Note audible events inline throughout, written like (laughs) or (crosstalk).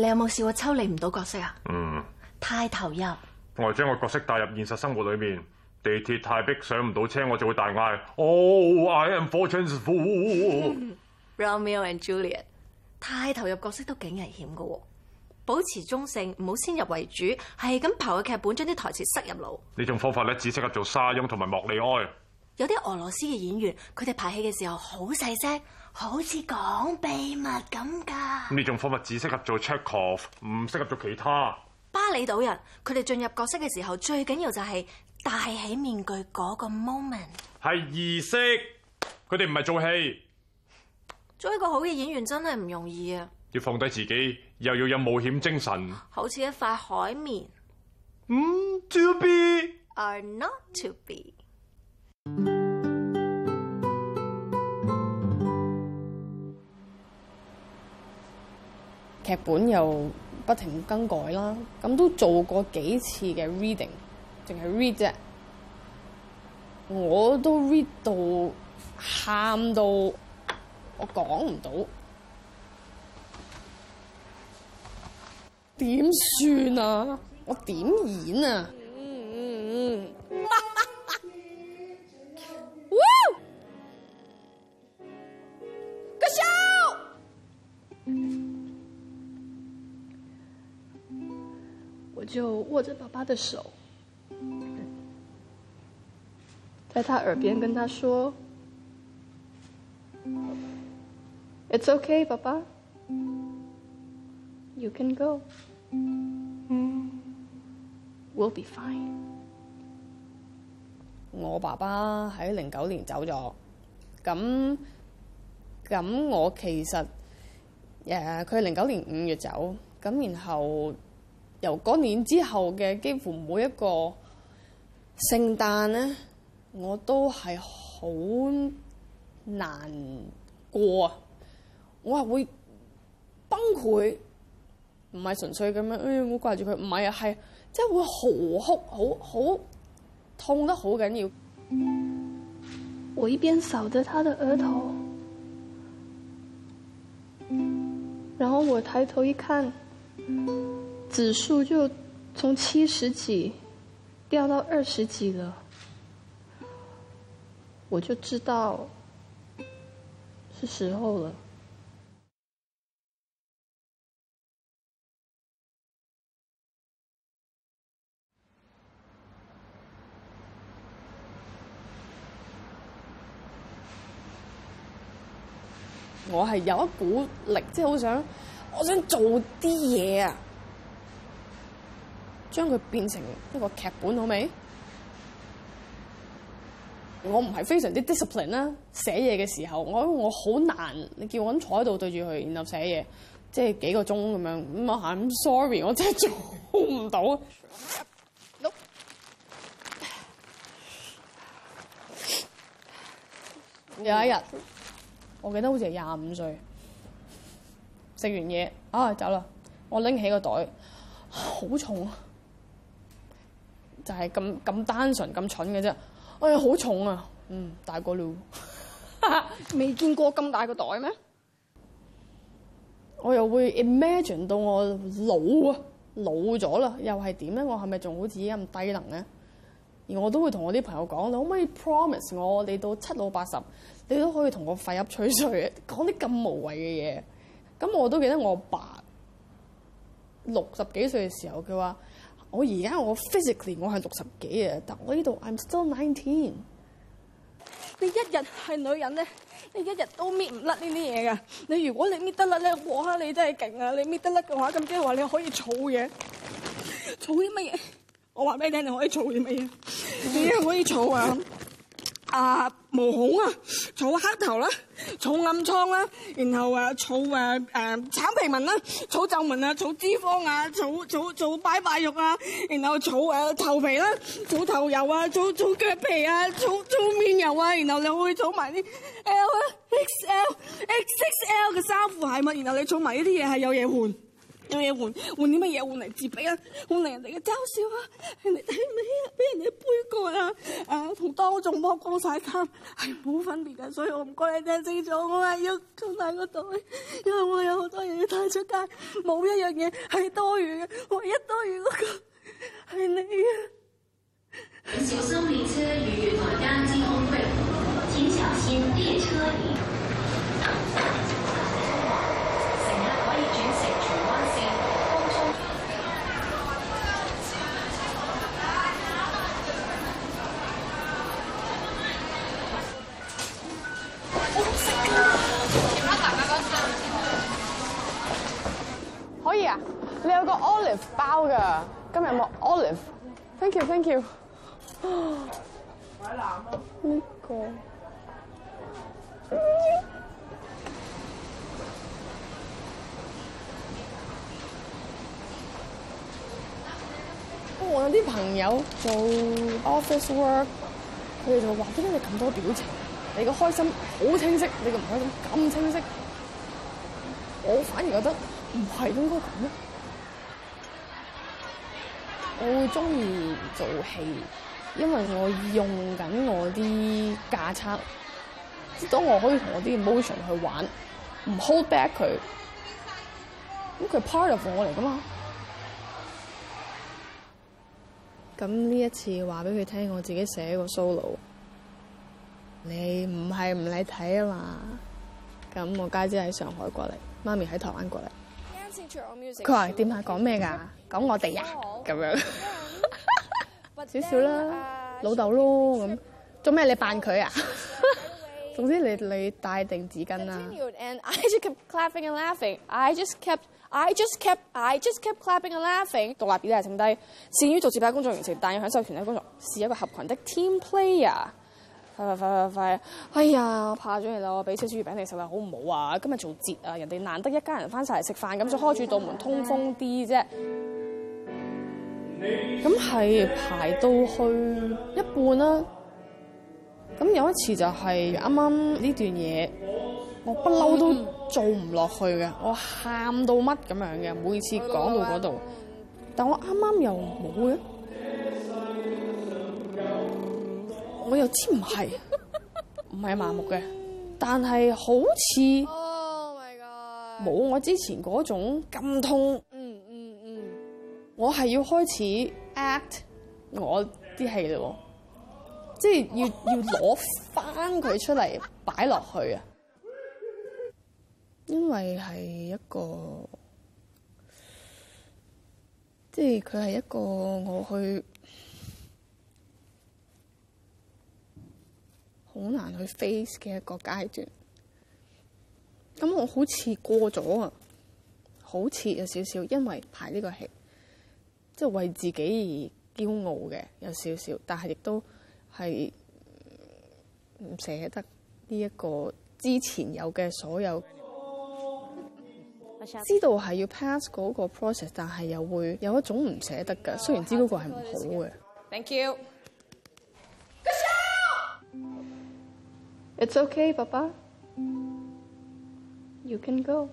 你有冇試過抽離唔到角色啊？嗯，太投入，我係將個角色帶入現實生活裏面。地鐵太逼，上唔到車，我就會大嗌。Oh, I am fortune's fool! (laughs) Romeo and Juliet，太投入角色都幾危險噶。保持中性，唔好先入為主，係咁刨個劇本，將啲台詞塞入腦。呢種方法咧，只適合做沙翁同埋莫里哀。有啲俄羅斯嘅演員，佢哋排戲嘅時候好細聲。好似講秘密咁噶，呢種方法只適合做 check off，唔適合做其他。巴厘島人，佢哋進入角色嘅時候，最緊要就係戴起面具嗰個 moment。係儀式，佢哋唔係做戲。做一個好嘅演員真係唔容易啊！要放低自己，又要有冒險精神。好似一塊海綿。嗯、mm，to be or not to be。本又不停更改啦，咁都做過幾次嘅 reading，淨係 read 啫，我都 read 到喊到我不，我講唔到，點算啊？我點演啊？我就握着爸爸的手，在他耳邊跟他說，mm.：“It's okay, 爸爸。You can go. We'll be fine.” 我爸爸喺零九年走咗。咁咁我其實誒，佢係零九年五月走，咁然後。由嗰年之後嘅幾乎每一個聖誕咧，我都係好難過，我係會崩潰，唔係純粹咁樣，哎、嗯，我掛住佢，唔係啊，係即係會嚎哭，好好痛得好緊要。我一邊掃着他的額頭，然後我抬頭一看。指數就從七十幾掉到二十幾了，我就知道是時候了。我係有一股力，即係好想，我想做啲嘢啊！將佢變成一個劇本好未？我唔係非常之 discipline 啦，寫嘢嘅時候，我我好難，你叫我咁坐喺度對住佢，然後寫嘢，即係幾個鐘咁樣咁啊喊 sorry，我真係做唔到。No. 有一日，我記得好似係廿五歲，食完嘢啊走啦！我拎起個袋，好重啊！就係咁咁單純咁蠢嘅啫，哎呀好重啊，嗯，大個了，未 (laughs) 見過咁大個袋咩？我又會 imagine 到我老啊，老咗啦，又係點咧？我係咪仲好似咁低能咧？而我都會同我啲朋友講，你可唔可以 promise 我，你到七老八十，你都可以同我廢噏吹水啊？講啲咁無謂嘅嘢，咁我都記得我阿爸六十幾歲嘅時候，佢話。我而家我 physically 我係六十幾啊，但我呢度 I'm still nineteen。你一日係女人咧，你一日都搣唔甩呢啲嘢噶。你如果你搣得甩咧，哇你真係勁啊！你搣得甩嘅話，咁即係話你可以儲嘢，儲啲乜嘢？我話俾你聽，你可以儲啲乜嘢？你係可以儲 (laughs) 啊。啊毛孔啊，儲黑頭啦、啊，儲暗瘡啦、啊，然後啊儲誒誒橙皮紋啦、啊，儲皺紋啊，儲脂肪啊，儲儲儲拜拜肉啊，然後儲誒頭皮啦、啊，儲頭油啊，儲儲腳皮啊，儲儲面油啊，然後你會儲埋啲 L 啊、XL、XXL 嘅衫褲鞋襪，然後你儲埋呢啲嘢係有嘢換。做嘢換，換啲乜嘢？換嚟自卑啊，換嚟人哋嘅嘲笑啊，人哋睇唔起啊，俾人哋背叛啊，同當眾剝光曬衫係冇分別嘅，所以我唔該你聽清楚，我係要裝大個袋，因為我有好多嘢要帶出街，冇一樣嘢係多餘嘅，唯一多餘嗰、那個係你啊！小心列車與月台間之空隙，請小心列車 (coughs) 有個 olive 包㗎，今日有冇 olive？Thank you，Thank you。呢個。我有啲朋友做 office work，佢哋就話：點解你咁多表情？你個開心好清晰，你個唔開心咁清晰。我反而覺得唔係應該咁咩？我好中意做戲，因為我用緊我啲架測，即係當我可以同我啲 emotion 去玩，唔 hold back 佢，咁佢係 part of 我嚟噶嘛。咁呢一次話俾佢聽，我自己寫個 solo，你唔係唔嚟睇啊嘛。咁我家姐喺上海過嚟，媽咪喺台灣過嚟。佢話點下講咩噶？咁我哋呀、啊，咁樣 (laughs) 少少啦，老、啊、豆咯咁。做咩你扮佢啊？ (laughs) 總之你你帶定紙巾啦。And I just kept clapping and laughing. I just kept, I just kept, I just kept clapping and laughing。獨立表達，沉低，擅於做自辦工作完成，但要享受團隊工作，是一個合群的 team player。快快快快快！哎呀，我怕咗你啦！我俾超市月餅你食啦，好唔好啊？今日做節啊，人哋難得一家人翻晒嚟食飯，咁就開住道門通風啲啫。 (laughs) 咁係排到去一半啦，咁有一次就係啱啱呢段嘢，我不嬲都做唔落去嘅，我喊到乜咁樣嘅，每次講到嗰度，但我啱啱又冇嘅，我又知唔係，唔係麻木嘅，但係好似哦冇我之前嗰種咁痛。我係要開始 act 我啲戲咯，即係要要攞翻佢出嚟擺落去啊！因為係一個，即係佢係一個我去好難去 face 嘅一個階段。咁我好似過咗啊，好似有少少，因為排呢個戲。即係為自己而驕傲嘅有少少，但係亦都係唔捨得呢一個之前有嘅所有，知道係要 pass 嗰個 process，但係又會有一種唔捨得㗎。雖然知嗰個係唔好嘅。Thank you。It's okay, Baba. You can go.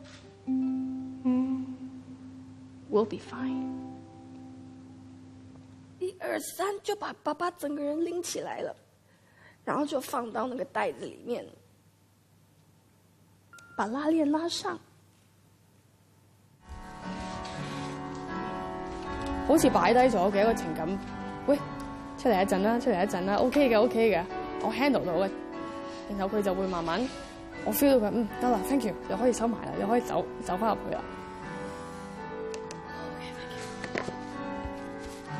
We'll be fine. 一二三，就把爸爸整個人拎起來了，然後就放到那個袋子裏面，把拉鏈拉上，好似擺低咗嘅一個情感。喂，出嚟一陣啦，出嚟一陣啦，OK 嘅，OK 嘅，我 handle 到嘅。然後佢就會慢慢，我 feel 到佢，嗯，得啦，Thank you，又可以收埋啦，又可以走，走翻入去啦。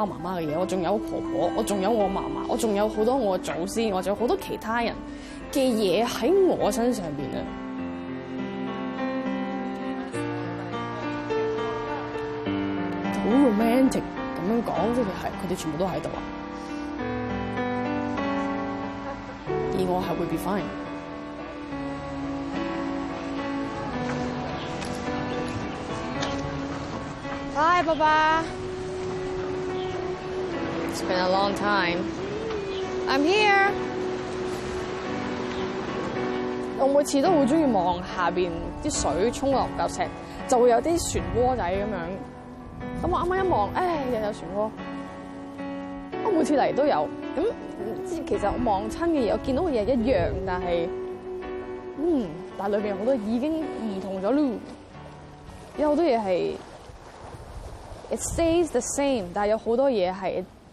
我媽媽嘅嘢，我仲有婆婆，我仲有我媽媽，我仲有好多我嘅祖先，我仲有好多其他人嘅嘢喺我身上邊啊！好 romantic，咁樣講即係，佢哋全部都喺度啊！而我係會 be fine。Bye，爸爸。Hi, It's been a long time. been long I'm here 我我剛剛。我每次都好中意望下邊啲水沖落嚿石，就會有啲漩渦仔咁樣。咁我啱啱一望，唉，又有漩渦。我每次嚟都有。咁、嗯、之其實我望親嘅嘢，我見到嘅嘢一樣，但係，嗯，但係裏邊好多已經唔同咗咯。有好多嘢係，It stays the same，但係有好多嘢係。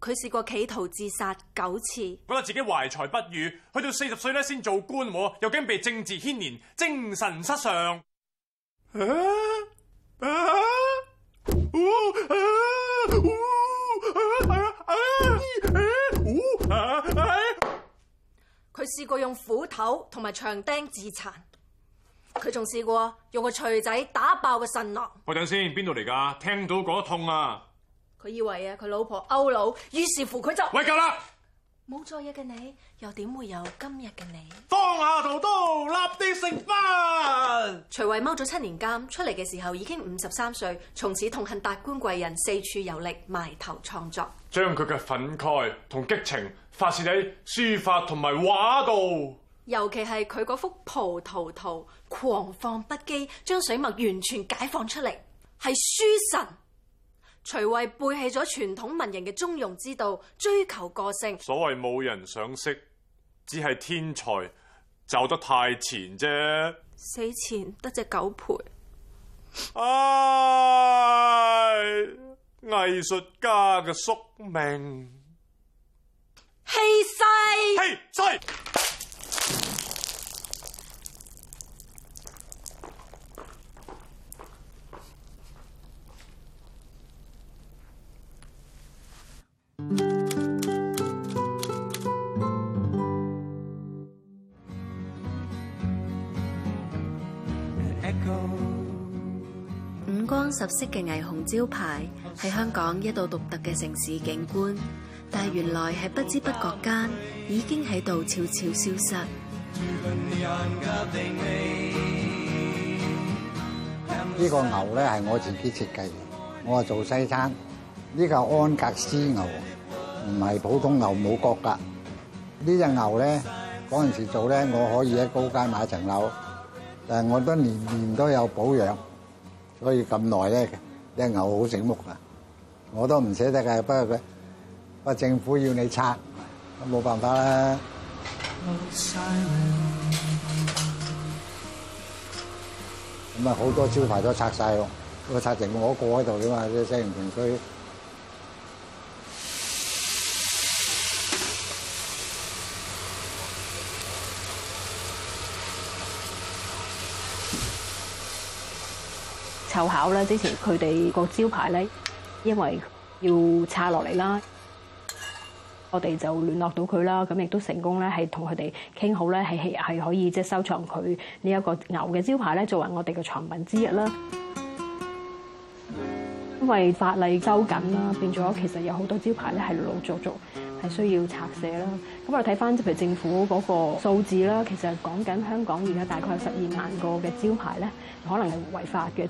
佢試過企圖自殺九次，覺得自己懷才不遇，去到四十歲咧，先做官，又驚被政治牽連，精神失常。佢、啊、試、啊啊啊啊啊啊啊、過用斧頭同埋長釘自殘，佢仲試過用個錘仔打爆個腎囊。我等先，邊度嚟噶？聽到嗰痛啊！佢以為啊，佢老婆歐佬，於是乎佢就，喂夠啦，冇做嘢嘅你，又點會有今日嘅你？放下屠刀，立地成佛。徐渭踎咗七年監，出嚟嘅時候已經五十三歲，從此痛恨達官貴人，四處遊歷，埋頭創作，將佢嘅憤慨同激情發洩喺書法同埋畫度。尤其係佢嗰幅《葡萄圖》，狂放不羈，將水墨完全解放出嚟，係書神。徐渭背棄咗傳統文人嘅中庸之道，追求個性。所謂冇人賞識，只係天才走得太前啫。死前得隻狗陪，唉、啊，藝術家嘅宿命。氣勢，氣勢。十色嘅霓虹招牌係香港一道獨特嘅城市景觀，但係原來喺不知不覺間已經喺度悄悄消失。呢個牛咧係我自己設計，我係做西餐，呢個安格斯牛唔係普通牛，冇角噶。呢隻牛咧嗰陣時做咧，我可以喺高街買層樓，但係我都年年都有保養。所以咁耐咧，隻牛好醒目啊，我都唔捨得噶，不過佢，不過政府要你拆，冇辦法啦。咁啊，好多招牌都拆晒咯，都拆剩我一個喺度啫嘛，即係西營盤區。有效咧，之前佢哋個招牌咧，因為要拆落嚟啦，我哋就聯絡到佢啦，咁亦都成功咧，係同佢哋傾好咧，係係可以即係收藏佢呢一個牛嘅招牌咧，作為我哋嘅藏品之一啦。因為法例收緊啦，變咗其實有好多招牌咧係陸陸續續，係需要拆卸啦。咁我哋睇翻即譬如政府嗰個數字啦，其實講緊香港而家大概有十二萬個嘅招牌咧，可能係違法嘅。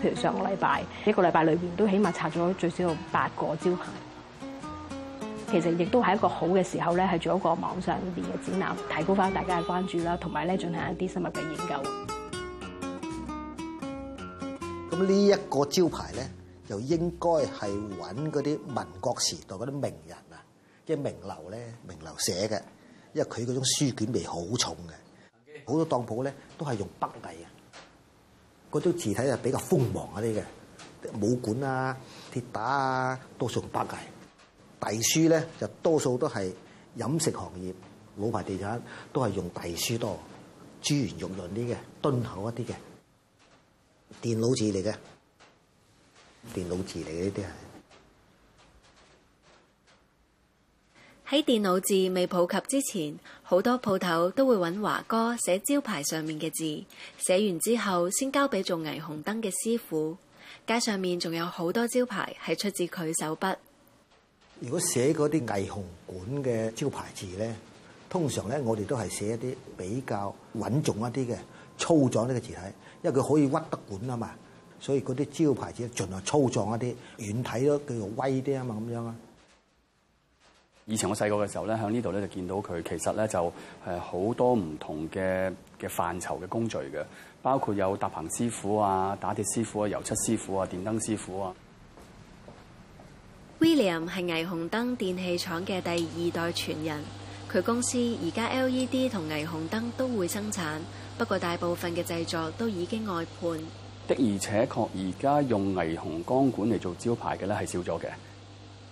譬如上個禮拜一個禮拜裏邊都起碼拆咗最少有八個招牌，其實亦都係一個好嘅時候咧，係做一個網上嗰邊嘅展覽，提高翻大家嘅關注啦，同埋咧進行一啲深入嘅研究。咁呢一個招牌咧，就應該係揾嗰啲民國時代嗰啲名人啊，即係名流咧，名流寫嘅，因為佢嗰種書卷味好重嘅，好多當鋪咧都係用北魏嘅。嗰種字體就比較鋒芒嗰啲嘅，武館啊、跌打啊，多數用北魏。隸書咧就多數都係飲食行業、老牌地產都係用隸書多，珠圓玉潤啲嘅，敦厚一啲嘅。電腦字嚟嘅，電腦字嚟嘅呢啲係。喺電腦字未普及之前，好多鋪頭都會揾華哥寫招牌上面嘅字，寫完之後先交俾做霓虹燈嘅師傅。街上面仲有好多招牌係出自佢手筆。如果寫嗰啲霓虹管嘅招牌字咧，通常咧我哋都係寫一啲比較穩重一啲嘅粗壯呢個字體，因為佢可以屈得管啊嘛，所以嗰啲招牌字盡量粗壯一啲，遠睇都叫做威啲啊嘛，咁樣啊。以前我細個嘅時候咧，喺呢度咧就見到佢，其實咧就誒好多唔同嘅嘅範疇嘅工序嘅，包括有搭棚師傅啊、打鐵師傅啊、油漆師傅啊、電燈師傅啊。William 係霓虹燈電器廠嘅第二代傳人，佢公司而家 LED 同霓虹燈都會生產，不過大部分嘅製作都已經外判。的而且確，而家用霓虹光管嚟做招牌嘅咧係少咗嘅。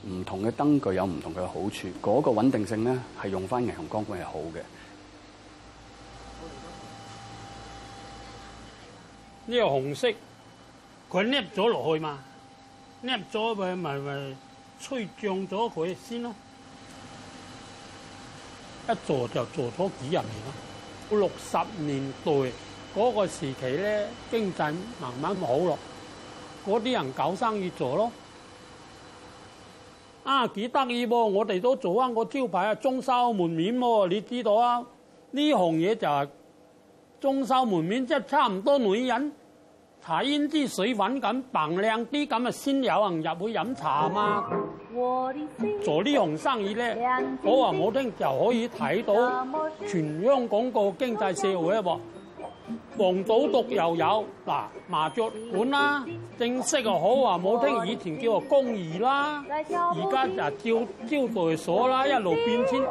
唔同嘅燈具有唔同嘅好處，嗰個穩定性咧係用翻霓虹光管係好嘅。呢個紅色，佢捏咗落去嘛？捏咗咪咪咪吹漲咗佢先咯。一做就做咗幾十年咯。六十年代嗰個時期咧，經濟慢慢好咯，嗰啲人搞生意做咯。啊幾得意噃！我哋都做翻個招牌啊，裝修門面喎。你知道啊？呢行嘢就係裝修門面，即係差唔多女人睇胭脂水粉咁扮靚啲咁啊，先有人入去飲茶嘛。做呢行生意咧，講話冇聽就可以睇到全香港嘅經濟社會啊噃。防賭毒又有嗱麻雀館啦，正式又好話冇聽，以前叫做公二啦，而家就叫招，招待所啦，一路變遷。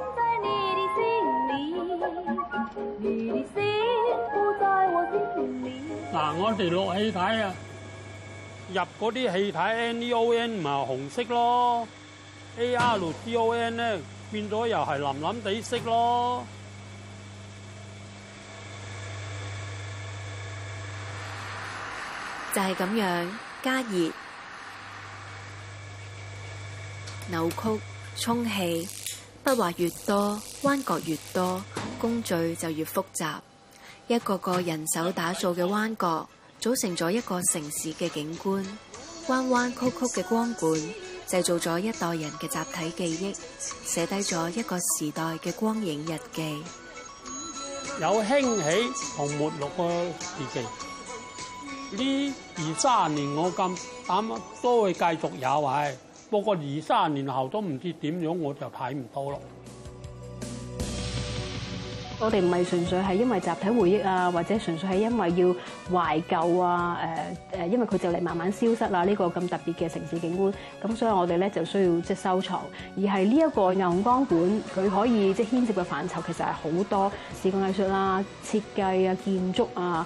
嗱， (music) (music) 我哋落氣體啊，入嗰啲氣體 Neon 咪 -E、紅色咯 (music) Argon 咧變咗又係藍藍地色咯。就係咁樣加熱、扭曲、充氣，筆畫越多，彎角越多，工序就越複雜。一個個人手打造嘅彎角，組成咗一個城市嘅景觀。彎彎曲曲嘅光管，製造咗一代人嘅集體記憶，寫低咗一個時代嘅光影日記。有興起同沒落嘅時期。呢二三十年我咁膽都會繼續有位，不過二三十年後都唔知點樣，我就睇唔到咯。我哋唔係純粹係因為集體回憶啊，或者純粹係因為要懷舊啊，誒、呃、誒、呃，因為佢就嚟慢慢消失啦。呢、這個咁特別嘅城市景觀，咁所以我哋咧就需要即係收藏。而係呢一個霓虹光管，佢可以即係牽涉嘅範疇其實係好多視覺藝術啦、設計啊、建築啊。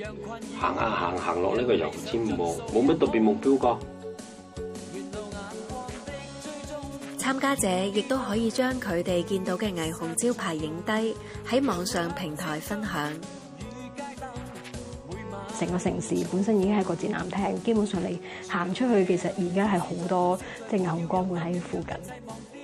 行下行行落呢個遊天冇乜特別目標個。參加者亦都可以將佢哋見到嘅霓虹招牌影低，喺網上平台分享。成個城市本身已經係個展覽廳，基本上你行出去，其實而家係好多即係霓虹光會喺附近。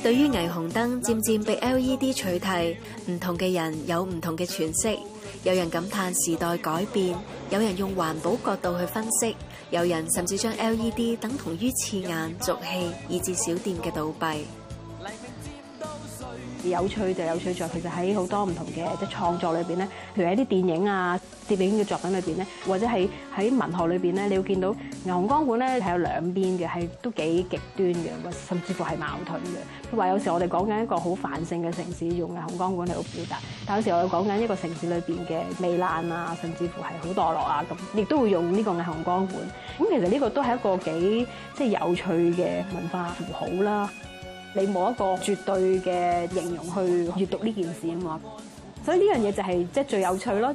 對於霓虹燈漸漸被 LED 取締，唔同嘅人有唔同嘅詮釋。有人感嘆時代改變，有人用環保角度去分析，有人甚至將 LED 等同於刺眼俗氣，以至小店嘅倒閉。有趣就有趣在，其實喺好多唔同嘅即係創作裏邊咧，譬如喺啲電影啊、攝影嘅作品裏邊咧，或者係喺文學裏邊咧，你會見到霓虹光管咧係有兩邊嘅，係都幾極端嘅，甚至乎係矛盾嘅。佢話有時我哋講緊一個好繁盛嘅城市用霓虹光管嚟到表達，但有時我哋講緊一個城市裏邊嘅糜爛啊，甚至乎係好墮落啊咁，亦都會用呢個霓虹光管。咁其實呢個都係一個幾即係有趣嘅文化符號啦。你冇一個絕對嘅形容去閱讀呢件事啊嘛，所以呢樣嘢就係即係最有趣囉。